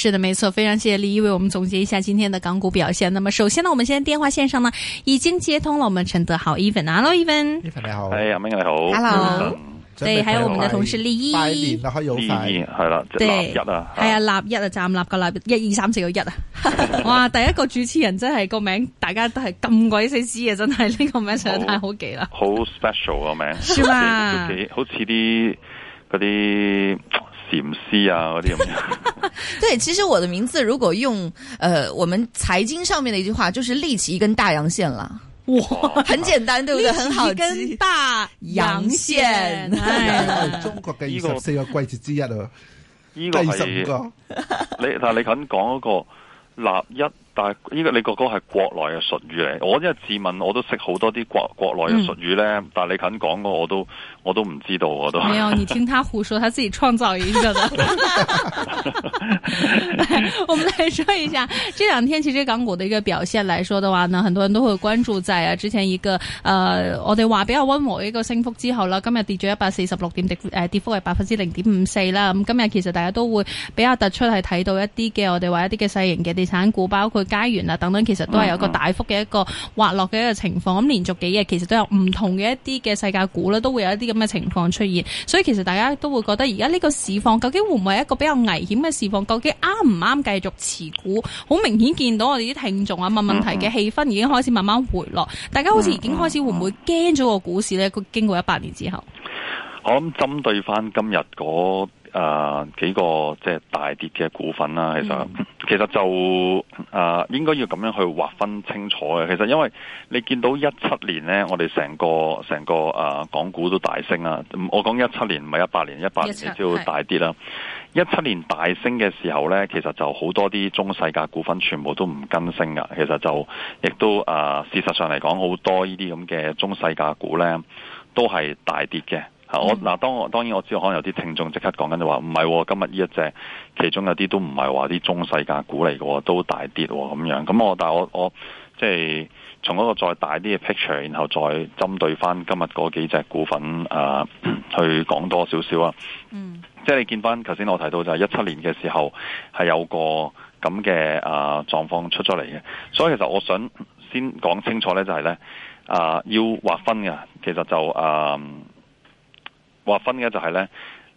是的，沒錯，非常謝謝李儀為我們總結一下今天的港股表現。那麼首先呢，我們現在電話線上呢已經接通了，我們陳德豪，Even，Hello，Even，Even 你好，哎阿明你好，Hello，, hey, in, Hello. Hello. 對喺我們的同事李儀，李儀係啦，立一啊，係啊立一啊站立個立一二三四個一啊，哇，第一個主持人真係個名大家都係咁鬼死知啊，真係呢個名實在太好記啦，好 special 個名，是嘛，好似啲嗰啲。那些禪師啊嗰啲咁樣， 對，其實我的名字如果用，呃，我們財經上面的一句話，就是立起一根大陽線啦。哇，很簡單， 對唔對？很好，根大陽線。中國嘅二十四個季節之一啊，呢個係，十 你但係你肯講嗰個立一。呢個你哥哥係國內嘅術語嚟，我因為自問我都識好多啲國國內嘅術語咧，嗯、但係你肯講我我都我都唔知道我都。沒有、哎，你聽他胡說，他自己創造一個啦。我們來說一下，這兩天其實港股的一個表現嚟說的話呢，很多人都會關注在啊之前一個誒、呃、我哋話比較温和的一個升幅之後啦，今日跌咗一百四十六點跌、呃、跌幅係百分之零點五四啦。咁今日其實大家都會比較突出係睇到一啲嘅我哋話一啲嘅細型嘅地產股，包括。佳源啊等等，其實都係有一個大幅嘅一個滑落嘅一個情況。咁、嗯嗯、連續幾日，其實都有唔同嘅一啲嘅世界股咧，都會有一啲咁嘅情況出現。所以其實大家都會覺得，而家呢個市況究竟會唔會係一個比較危險嘅市況？究竟啱唔啱繼續持股？好明顯見到我哋啲聽眾啊問問題嘅氣氛已經開始慢慢回落。嗯嗯大家好似已經開始會唔會驚咗個股市咧？佢經過一百年之後，我諗針對翻今日嗰誒幾個即係大跌嘅股份啦、啊，其實、嗯。其實就誒、呃，應該要咁樣去劃分清楚嘅。其實因為你見到一七年呢，我哋成個成個誒、呃、港股都大升啦。我講一七年唔係一八年，一八年亦都大跌啦。一七是年大升嘅時候呢，其實就好多啲中細價股份全部都唔跟升噶。其實就亦都誒、呃，事實上嚟講，好多呢啲咁嘅中細價股呢，都係大跌嘅。嗯、我嗱，當我當然我知道，可能有啲聽眾即刻講緊就話唔係，今日呢一隻其中有啲都唔係話啲細價股嚟嘅，都大跌咁、哦、樣。咁我但係我我即係、就是、從嗰個再大啲嘅 picture，然後再針對翻今日嗰幾隻股份啊、呃、去講多少少啊。嗯，即係你見翻頭先我提到就係一七年嘅時候係有個咁嘅啊狀況出咗嚟嘅。所以其實我想先講清楚咧，就係咧啊要劃分嘅，其實就啊。呃劃分嘅就係呢，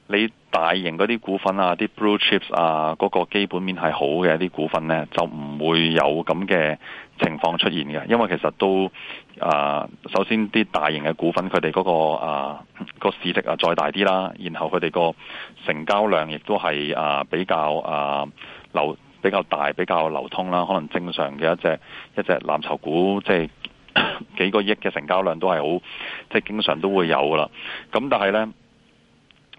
你大型嗰啲股份啊，啲 blue chips 啊，嗰個基本面係好嘅啲股份呢，就唔會有咁嘅情況出現嘅。因為其實都啊，首先啲大型嘅股份，佢哋嗰個啊個市值啊再大啲啦，然後佢哋個成交量亦都係啊比較啊流比較大、比較流通啦，可能正常嘅一隻一隻藍籌股，即係幾個億嘅成交量都係好，即係經常都會有噶啦。咁但係呢。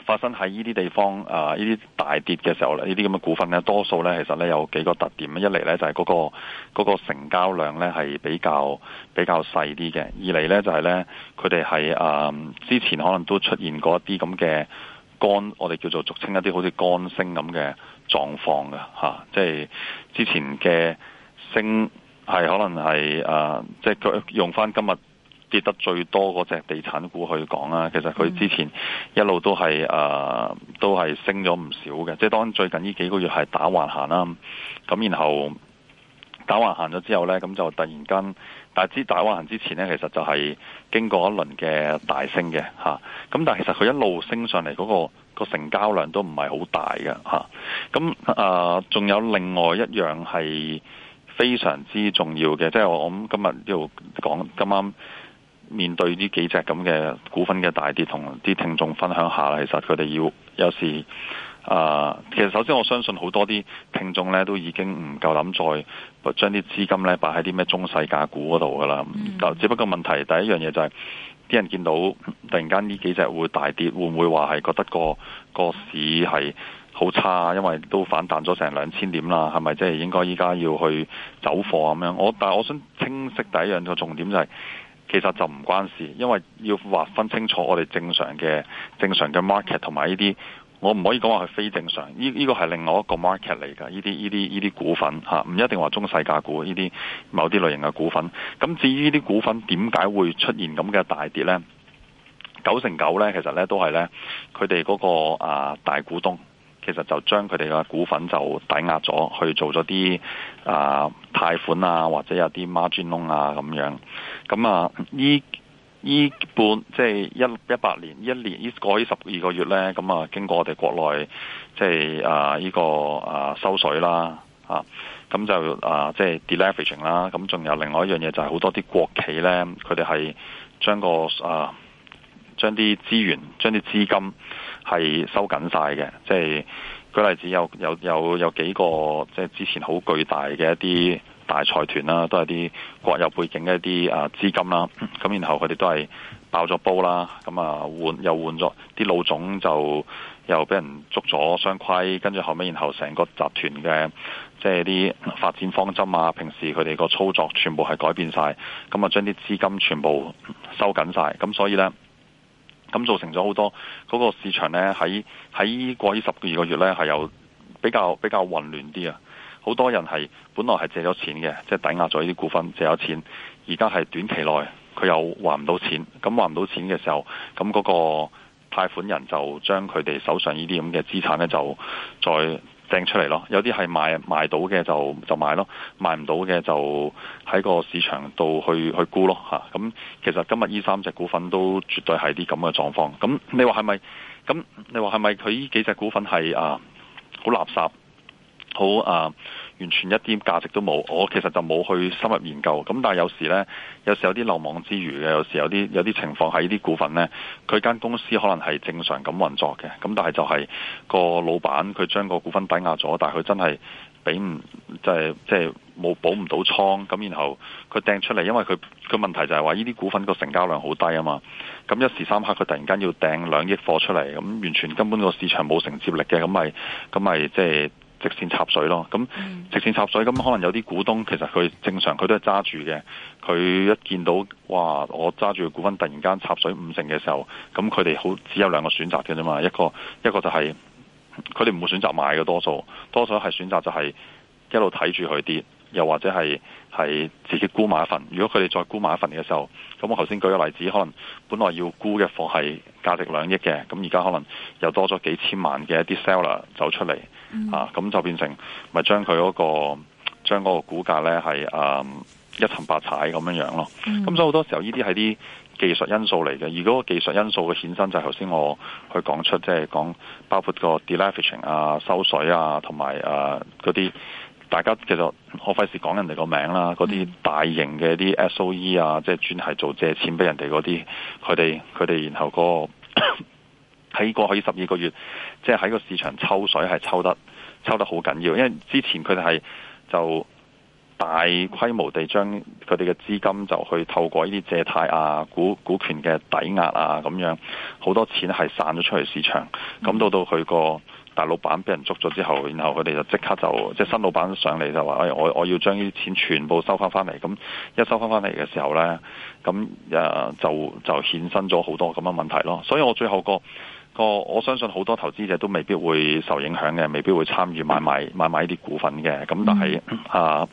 發生喺呢啲地方啊，呢、呃、啲大跌嘅時候呢啲咁嘅股份呢，多數呢其實呢有幾個特點。一嚟呢就係、是、嗰個嗰個成交量呢係比較比較細啲嘅；二嚟呢就係、是、呢佢哋係誒之前可能都出現過一啲咁嘅乾，我哋叫做俗稱一啲好似乾升咁嘅狀況嘅吓、啊。即係之前嘅升係可能係誒、呃，即係用返今日。跌得最多嗰隻地產股去講啦，其實佢之前一路都係誒、呃、都係升咗唔少嘅，即係當最近呢幾個月係打橫行啦，咁然後打橫行咗之後呢，咁就突然間，但係知打橫行之前呢，其實就係經過一輪嘅大升嘅嚇，咁、啊、但係其實佢一路升上嚟嗰、嗰個成交量都唔係好大嘅嚇，咁誒仲有另外一樣係非常之重要嘅，即係我諗今日要講今晚。剛剛面對呢幾隻咁嘅股份嘅大跌，同啲聽眾分享下啦。其實佢哋要有時啊、呃，其實首先我相信好多啲聽眾咧，都已經唔夠膽再將啲資金咧擺喺啲咩中細價股嗰度噶啦。就、嗯、只不過問題第一樣嘢就係、是、啲人見到突然間呢幾隻會大跌，會唔會話係覺得個個市係好差？因為都反彈咗成兩千點啦，係咪即係應該依家要去走貨咁樣？我但係我想清晰第一樣個重點就係、是。其實就唔關事，因為要劃分清楚我哋正常嘅正常嘅 market 同埋呢啲，我唔可以講話係非正常，呢呢個係另外一個 market 嚟噶，呢啲呢啲呢啲股份吓，唔一定話中細價股呢啲某啲類型嘅股份。咁至於呢啲股份點解會出現咁嘅大跌呢？九成九呢，其實呢都係呢佢哋嗰個啊大股東。其實就將佢哋嘅股份就抵押咗去做咗啲啊貸款啊，或者有啲 margin loan 啊咁樣。咁啊，呢呢半即係一一八年一年一年呢過十二個月呢，咁啊經過我哋國內即係啊呢、這個啊收水啦啊，咁就啊即係、就是、deleveraging 啦。咁、啊、仲有另外一樣嘢就係好多啲國企呢，佢哋係將個啊將啲資源將啲資金。係收緊曬嘅，即係舉例子有有有有幾個即係之前好巨大嘅一啲大財團啦，都係啲國有背景嘅一啲啊資金啦，咁然後佢哋都係爆咗煲啦，咁啊換又換咗啲老總就又俾人捉咗雙規，跟住後尾，然後成個集團嘅即係啲發展方針啊，平時佢哋個操作全部係改變曬，咁啊將啲資金全部收緊曬，咁所以呢。咁造成咗好多嗰個市場呢，喺喺過呢十二個月呢，係有比較比較混亂啲啊。好多人係本來係借咗錢嘅，即係抵押咗呢啲股份借咗錢，而家係短期內佢又還唔到錢，咁還唔到錢嘅時候，咁嗰個貸款人就將佢哋手上呢啲咁嘅資產呢，就再。掟出嚟咯，有啲係賣賣到嘅就就買咯，賣唔到嘅就喺個市場度去去沽咯吓，咁、啊、其實今日呢三隻股份都絕對係啲咁嘅狀況。咁、啊、你話係咪？咁、啊、你話係咪佢呢幾隻股份係啊好垃圾，好啊？完全一啲價值都冇，我其實就冇去深入研究。咁但係有時呢，有時有啲漏網之魚嘅，有時有啲有啲情況係呢啲股份呢，佢間公司可能係正常咁運作嘅。咁但係就係個老闆佢將個股份抵押咗，但係佢真係俾唔即係即係冇補唔到倉。咁然後佢掟出嚟，因為佢個問題就係話呢啲股份個成交量好低啊嘛。咁一時三刻佢突然間要掟兩億貨出嚟，咁完全根本個市場冇承接力嘅，咁咪咁咪即係。直線插水咯，咁直線插水，咁可能有啲股東其實佢正常佢都係揸住嘅，佢一見到哇，我揸住嘅股份突然間插水五成嘅時候，咁佢哋好只有兩個選擇嘅啫嘛，一個一個就係佢哋唔會選擇買嘅多數，多數係選擇就係一路睇住佢跌。又或者係係自己沽買一份，如果佢哋再沽買一份嘅時候，咁我頭先舉個例子，可能本來要沽嘅貨係價值兩億嘅，咁而家可能又多咗幾千萬嘅一啲 seller 走出嚟，嗯、啊，咁就變成咪、就是、將佢嗰、那個將嗰個股價咧係誒一層白踩咁樣樣咯。咁、嗯、所以好多時候呢啲係啲技術因素嚟嘅，而嗰個技術因素嘅衍生就係頭先我去講出，即、就、係、是、講包括個 delivery 啊、收水啊，同埋誒嗰啲。大家其實我費事講人哋個名啦，嗰啲大型嘅啲 S O E 啊，即係專係做借錢俾人哋嗰啲，佢哋佢哋然後嗰個喺過 去十二個月，即係喺個市場抽水係抽得抽得好緊要，因為之前佢哋係就大規模地將佢哋嘅資金就去透過呢啲借貸啊、股股權嘅抵押啊咁樣，好多錢係散咗出去市場，咁到到佢個。大老闆俾人捉咗之後，然後佢哋就即刻就即、就係、新老闆上嚟就話：，哎，我我要將呢啲錢全部收翻翻嚟。咁一收翻翻嚟嘅時候呢，咁就就衍生咗好多咁嘅問題咯。所以我最後個個我相信好多投資者都未必會受影響嘅，未必會參與買賣買買買呢啲股份嘅。咁但係、嗯、啊，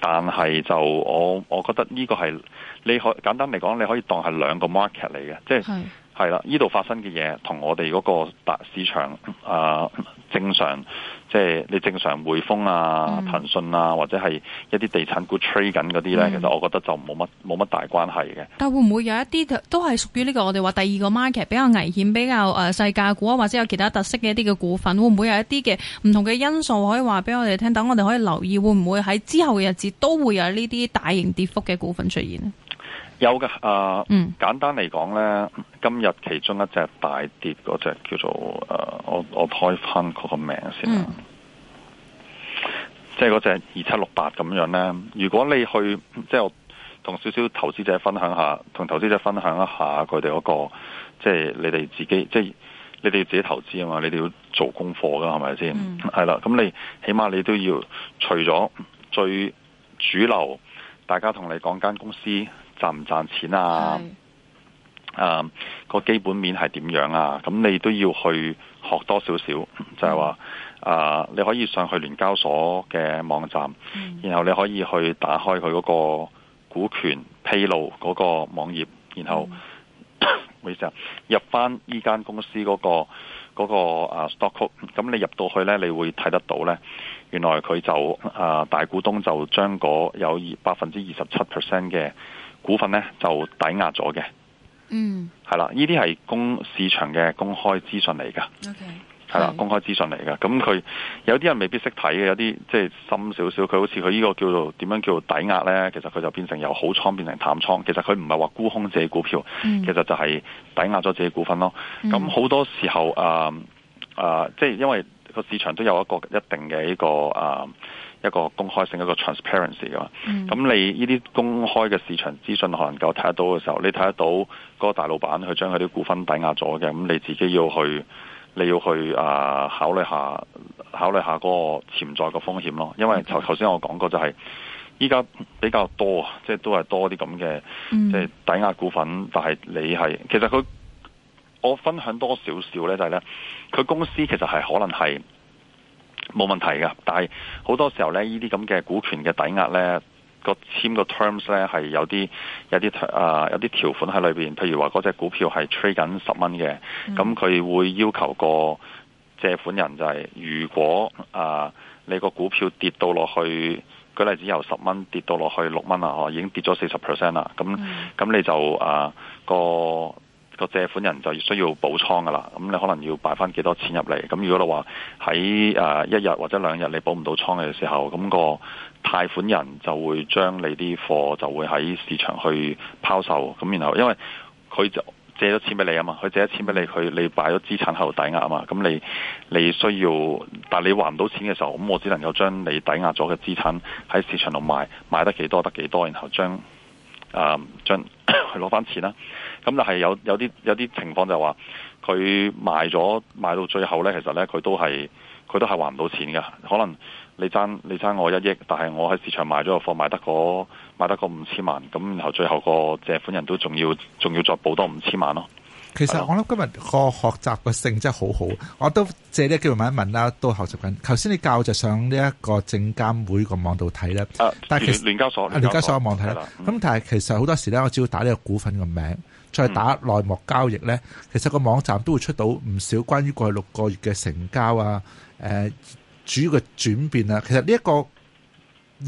但係就我我覺得呢個係你可以簡單嚟講，你可以,你可以當係兩個 market 嚟嘅，即、就、係、係。係啦，呢度發生嘅嘢同我哋嗰個大市場啊、呃、正常，即係你正常匯豐啊、騰訊、嗯、啊，或者係一啲地產股吹緊嗰啲咧，嗯、其實我覺得就冇乜冇乜大關係嘅。但會唔會有一啲都係屬於呢個我哋話第二個 market 比較危險、比較誒細價股啊，或者有其他特色嘅一啲嘅股份，會唔會有一啲嘅唔同嘅因素可以話俾我哋聽？等我哋可以留意，會唔會喺之後嘅日子都會有呢啲大型跌幅嘅股份出現？有㗎，誒、呃，嗯、簡單嚟講咧，今日其中一隻大跌嗰隻叫做誒、呃，我我開翻嗰個名先即係嗰隻二七六八咁樣咧。如果你去即係我同少少投資者分享下，同投資者分享一下佢哋嗰個，即、就、係、是、你哋自己，即、就、係、是、你哋要自己投資啊嘛，你哋要做功課㗎，係咪先？係啦、嗯，咁你起碼你都要除咗最主流，大家同你講間公司。賺唔賺，賺錢啊？誒的、嗯啊，個基本面係點樣啊？咁你都要去學多少少，就係話誒，你可以上去聯交所嘅網站，的嗯、然後你可以去打開佢嗰個股權披露嗰個網頁，然後我的、嗯、意思啊，入翻依間公司嗰、那個那個 stock code，咁你入到去呢，你會睇得到呢。原來佢就誒、呃、大股東就將嗰有百分之二十七 percent 嘅股份咧就抵押咗嘅，嗯、mm.，係啦，呢啲係公市場嘅公開資訊嚟噶，係啦，公開資訊嚟噶，咁佢有啲人未必識睇嘅，有啲即係深少少，佢好似佢呢個叫做點樣叫做抵押咧，其實佢就變成由好倉變成淡倉，其實佢唔係話沽空自己股票，mm. 其實就係抵押咗自己股份咯，咁好多時候誒誒、呃呃，即係因為。個市場都有一個一定嘅一個誒、啊、一個公開性一個 transparency 㗎嘛。咁、嗯、你呢啲公開嘅市場資訊可能夠睇得到嘅時候，你睇得到嗰個大老闆去將佢啲股份抵押咗嘅，咁你自己要去你要去誒、啊、考慮下考慮下嗰個潛在嘅風險咯，因為頭頭先我講過就係依家比較多，即係都係多啲咁嘅，即係抵押股份，嗯、但係你係其實佢。我分享多少少呢？就係呢，佢公司其實係可能係冇問題嘅，但係好多時候呢，呢啲咁嘅股權嘅抵押呢，個簽個 terms 呢，係有啲有啲有啲條款喺裏面。譬如話嗰隻股票係 trade 緊十蚊嘅，咁佢、嗯、會要求個借款人就係如果啊你個股票跌到落去，舉例子由十蚊跌到落去六蚊啊，已經跌咗四十 percent 啦，咁咁、嗯、你就啊個。個借款人就要需要補倉噶啦，咁你可能要擺翻幾多錢入嚟？咁如果你話喺誒一日或者兩日你補唔到倉嘅時候，咁個貸款人就會將你啲貨就會喺市場去拋售。咁然後因為佢就借咗錢俾你啊嘛，佢借咗錢俾你，佢你擺咗資產喺度抵押啊嘛，咁你你需要，但你還唔到錢嘅時候，咁我只能夠將你抵押咗嘅資產喺市場度賣，賣得幾多得幾多，然後將誒將去攞翻錢啦。咁就係有有啲有啲情況就係話，佢賣咗賣到最後咧，其實咧佢都係佢都係還唔到錢嘅。可能你爭你爭我一億，但係我喺市場買咗個貨，賣得嗰賣得嗰五千萬，咁然後最後個借款人都仲要仲要再補多五千萬咯。其實我諗今日個學習嘅性真係好好，我都借呢個機會問一問啦，都學習緊。頭先你教就上呢一個證監會個網度睇咧，啊、但係聯交所聯交所個網睇啦。咁的但係其實好多時咧，我只要打呢個股份個名，再打內幕交易呢，其實個網站都會出到唔少關於過去六個月嘅成交啊，呃、主要嘅轉變啊。其實呢一個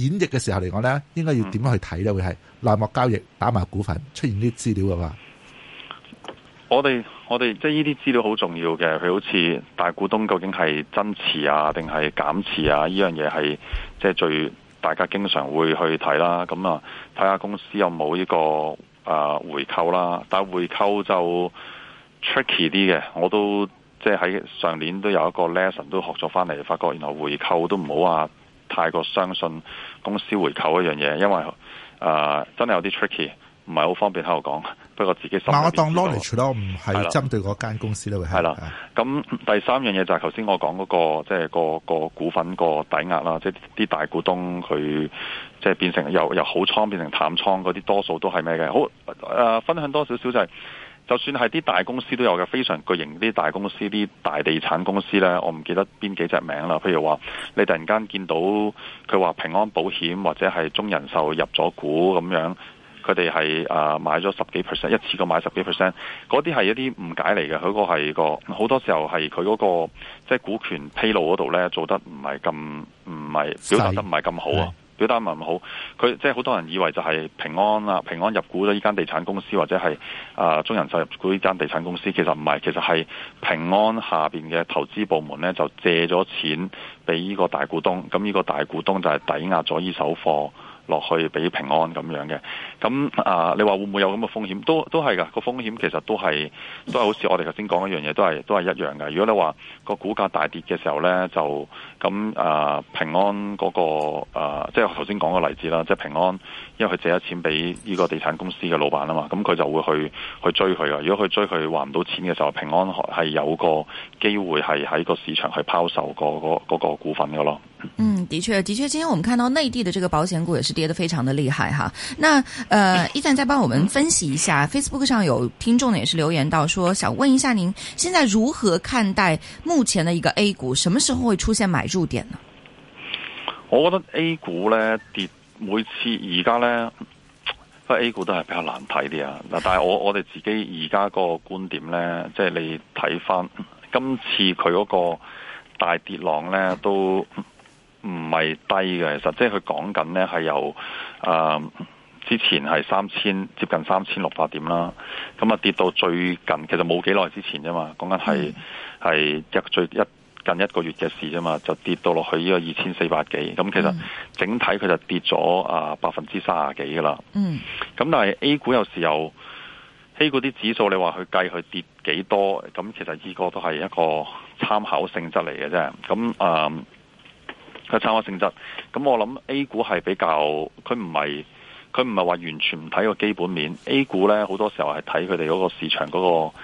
演繹嘅時候嚟講呢，應該要點樣去睇呢？會係內幕交易打埋股份出現啲資料嘅話，我哋我哋即係呢啲資料好重要嘅。佢好似大股東究竟係增持啊，定係減持啊？呢樣嘢係即係最大家經常會去睇啦。咁啊，睇下公司有冇呢個。啊、回購啦，但係回購就 tricky 啲嘅，我都即係喺上年都有一個 lesson 都學咗翻嚟，發覺原來回購都唔好話太過相信公司回購嗰樣嘢，因為誒、啊、真係有啲 tricky。唔係好方便喺度講，不過自己心裏面知道，我當 knowledge 咯，唔係針對嗰間公司咯。係啦，咁第三樣嘢就係頭先我講嗰個，即係個個股份個抵押啦，即係啲大股東佢即係變成由由好倉變成淡倉嗰啲，多數都係咩嘅？好，誒分享多少少就係，就算係啲大公司都有嘅，非常巨型啲大公司啲大地產公司咧，我唔記得邊幾隻名啦。譬如話，你突然間見到佢話平安保險或者係中人壽入咗股咁樣。佢哋係啊買咗十幾 percent，一次過買十幾 percent，嗰啲係一啲誤解嚟嘅。佢個係個好多時候係佢嗰個即係、就是、股權披露嗰度咧做得唔係咁唔係表達得唔係咁好啊，表達唔好。佢即係好、就是、多人以為就係平安啊，平安入股咗呢間地產公司或者係啊、呃、中人壽入股呢間地產公司，其實唔係，其實係平安下邊嘅投資部門咧就借咗錢俾呢個大股東，咁呢個大股東就係抵押咗呢手貨。落去俾平安咁樣嘅，咁啊，你話會唔會有咁嘅風險？都都係噶，個風險其實都係都係好似我哋頭先講一樣嘢，都係都係一樣嘅。如果你話個股價大跌嘅時候呢，就咁啊，平安嗰個啊，即係頭先講個例子啦，即係平安，因為佢借咗錢俾呢個地產公司嘅老闆啊嘛，咁佢就會去去追佢㗎。如果佢追佢還唔到錢嘅時候，平安係有個機會係喺個市場去拋售個個股份噶咯。嗯，的確的確，今天我們看到內地的這個保險股也是跌得非常的厲害哈。那，呃，一贊再幫我們分析一下。 Facebook 上有聽眾也是留言到，說想問一下您，現在如何看待目前的一個 A 股？什麼時候會出現買入點呢？我覺得 A 股呢，跌，每次而家呢，不過 A 股都係比較難睇啲啊。嗱，但係我我哋自己而家個觀點呢，即係你睇翻今次佢嗰個大跌浪呢，都。唔係低嘅，其實即係佢講緊呢係由誒、嗯、之前係三千接近三千六百點啦，咁啊跌到最近，其實冇幾耐之前啫嘛，講緊係係一最一近一個月嘅事啫嘛，就跌到落去呢個二千四百幾，咁其實整體佢就跌咗啊百分之三十幾噶啦。呃、嗯，咁但係 A 股有時有、嗯、A 股啲指數，你話佢計佢跌幾多，咁其實呢個都係一個參考性質嚟嘅啫。咁誒。呃佢差個性質，咁我諗 A 股係比較，佢唔係佢唔係話完全唔睇個基本面，A 股呢，好多時候係睇佢哋嗰個市場嗰、嗰個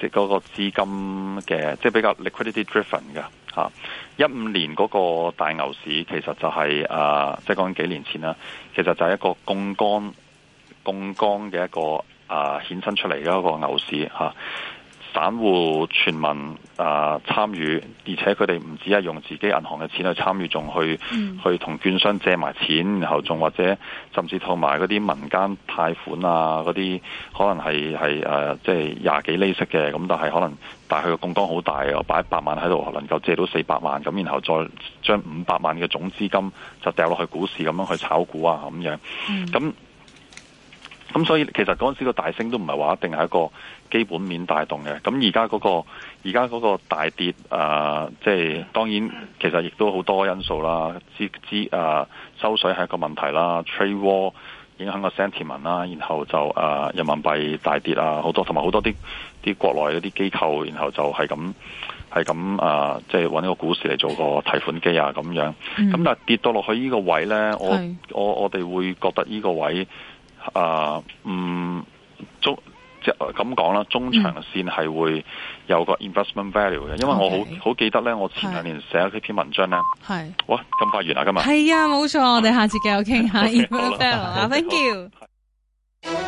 即係嗰個資金嘅，即係比較 liquidity driven 嘅嚇。一、啊、五年嗰個大牛市其實就係、是、啊，即係講緊幾年前啦，其實就係一個槓桿槓桿嘅一個啊衍生出嚟嘅一個牛市，啊散戶全民啊、呃、參與，而且佢哋唔止係用自己銀行嘅錢去參與，仲去、嗯、去同券商借埋錢，然後仲或者甚至套埋嗰啲民間貸款啊，嗰啲可能係係誒，即係廿幾釐息嘅，咁但係可能但係佢嘅槓當好大啊，擺一百萬喺度，能夠借到四百萬，咁然後再將五百萬嘅總資金就掉落去股市咁樣去炒股啊咁樣，咁、嗯。咁所以其實嗰陣時個大升都唔係話一定係一個基本面帶動嘅。咁而家嗰個而家嗰個大跌，誒、呃，即、就、係、是、當然其實亦都好多因素啦。支支、呃、收水係一個問題啦，Trade War 影響個 sentiment 啦，然後就誒、呃、人民幣大跌啊，好多同埋好多啲啲國內嗰啲機構，然後就係咁係咁誒，即係搵個股市嚟做個提款機啊咁樣。咁、嗯、但係跌到落去呢個位咧，我是我我哋會覺得呢個位。啊，嗯，中，即係，咁講啦，中長線係會有個 investment value 嘅，因為我好好記得咧，我前兩年寫咗篇文章咧，係哇，咁快完啦今日？係啊冇錯，我哋下次繼續傾下 investment value，thank you。